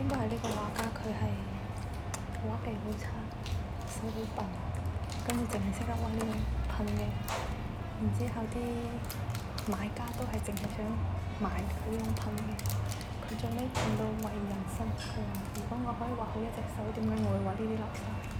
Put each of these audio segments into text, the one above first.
應該係呢個畫家，佢係畫技好差，手好笨，跟住淨係識得畫呢種噴嘅，然之後啲買家都係淨係想買佢種噴嘅，佢最屘變到為人失望，嗯。如果我可以畫好一隻手，點解我要畫呢啲垃圾？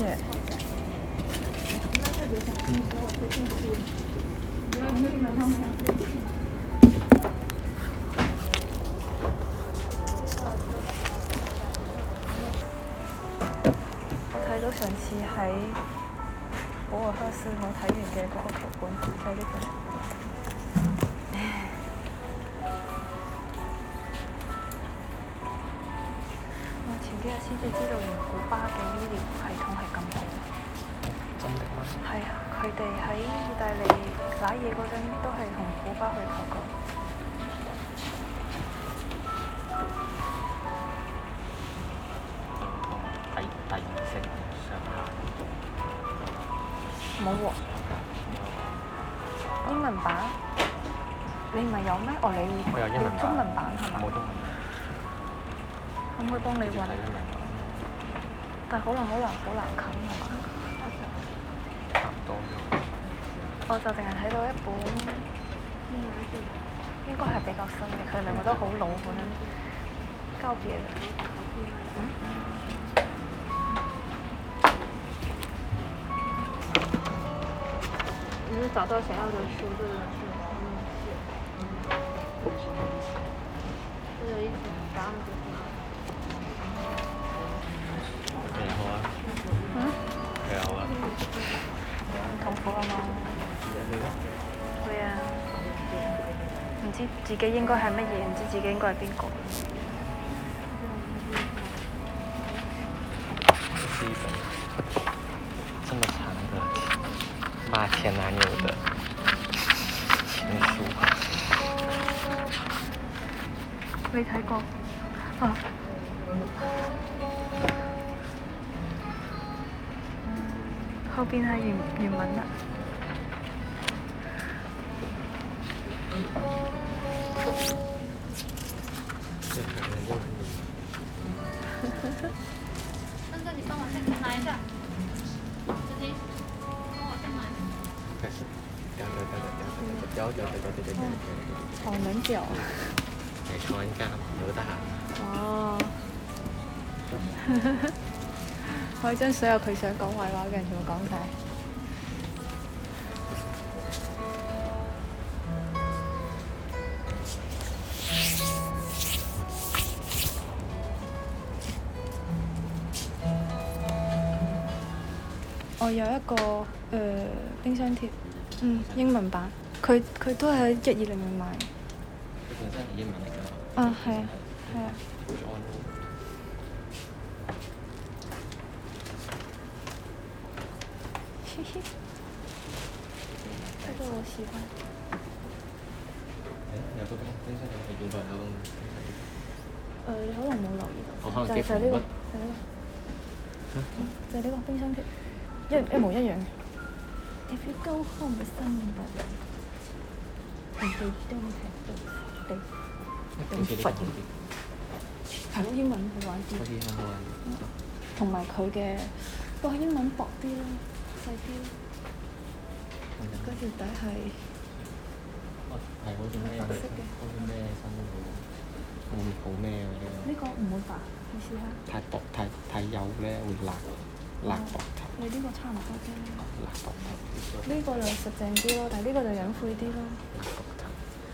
我睇到上次喺保羅克斯我睇完嘅嗰個球館就係呢個。佢哋喺意大利揦嘢嗰陣，都係同古巴去求嘅。冇喎。英文版？你唔係有咩？哦、啊，你你中文版係嘛？可唔可以幫你揾？但可能好難，好難，好難啃。係嘛？我就淨係睇到一本，應該係比較新嘅，佢兩個都好老，本膠皮嘅。嗯。有冇找到想要嘅書？嗯、這個啊。嗯。嗯。嗯。嗯。嗯。嗯。嗯。嗯。嗯。嗯？嗯。嗯。嗯。嗯。嗯。嗯。對呀唔、啊嗯、知道自己應該係乜嘢，唔知道自己應該係邊個。這是一本這麼長的罵前男友的情書，未睇過、哦嗯、啊。後邊係原文啦。好難屌啊！嚟穿針，我得閒。哦，可以將所有佢想講壞話嘅人全部講晒。我有一個誒冰箱貼，嗯，英文版。佢佢都係喺一二零零買。啊，係啊，係啊。誒，你可能冇留意到，就係呢個，係啊。就係呢個冰箱貼，一一模一樣嘅。佢都係地對，發現嘅，係咯英文玩啲，同埋佢嘅，不過英文薄啲咯，細啲咯。條底係，係嗰條咩色嘅？嗰啲咩生活會好咩嗰啲？呢個唔會白、啊，你試下。太薄太太幼咧，會爛爛薄。你呢個差唔多啫。爛、這、薄、個。呢個就實淨啲咯，但係呢個就隱晦啲咯。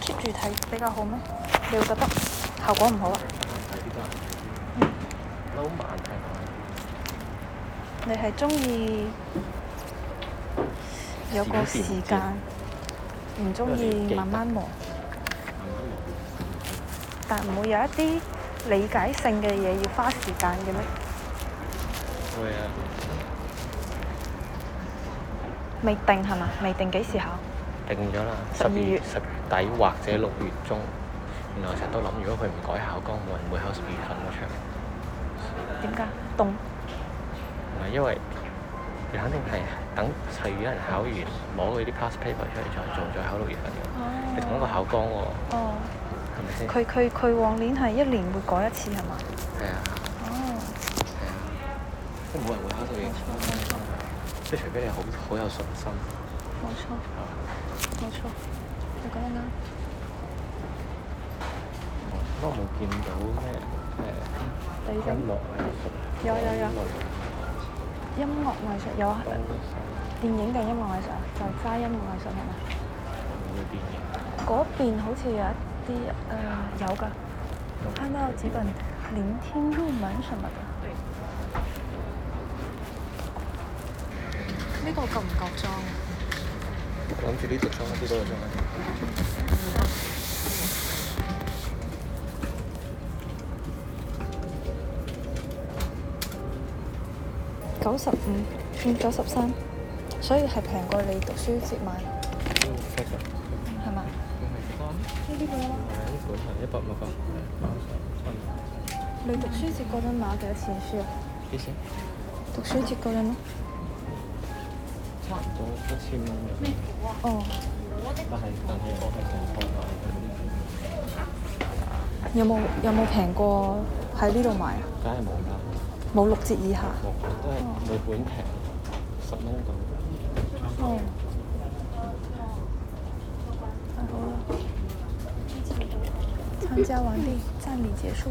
keep 住睇比較好咩？你會覺得效果唔好啊？睇邊個？你係中意有個時間，唔中意慢慢磨。但唔會有一啲理解性嘅嘢要花時間嘅咩？會啊。未定係嘛？未定幾時考？定咗啦，十二月十月，月底或者六月中。嗯、原來我成日都諗，如果佢唔改考綱，冇人會考十二月份嗰場？點解？凍？唔係因為，佢肯定係等齊餘啲人考完，攞佢啲 pass paper 出嚟，再做，再考六月份嘅。Oh. 你同一個考綱喎、啊。哦、oh. 係咪先？佢佢佢往年係一年會改一次，係嘛？係啊。哦。係啊。都冇人會考六月，即係除非你好好有信心。冇錯，冇錯，你覺得呢？我都冇見到咩誒音樂藝術，有有有音樂藝術有，電影定音樂藝術啊？就係齋音樂藝術係咪啊？嗰邊、呃、嗰邊好似有一啲誒有㗎，我睇到幾本聆聽入門什麼，呢個夠唔夠裝啊？九十五變九十三，所以係平過你讀書節買，係、嗯、嘛？呢、嗯呢個？呢個係一百冇㗎，兩百七。你讀書節嗰陣買幾多錢書啊？幾錢？讀書節嗰陣啊？一千蚊元嘅、嗯。哦。但係一千元，但係，但係我係從香港去有冇，有冇平過喺呢度買啊？梗係冇啦。冇六折以下。冇，都係冇平，十蚊到。哦。嗯一千元啊，好啦。參加完畢，葬禮結束。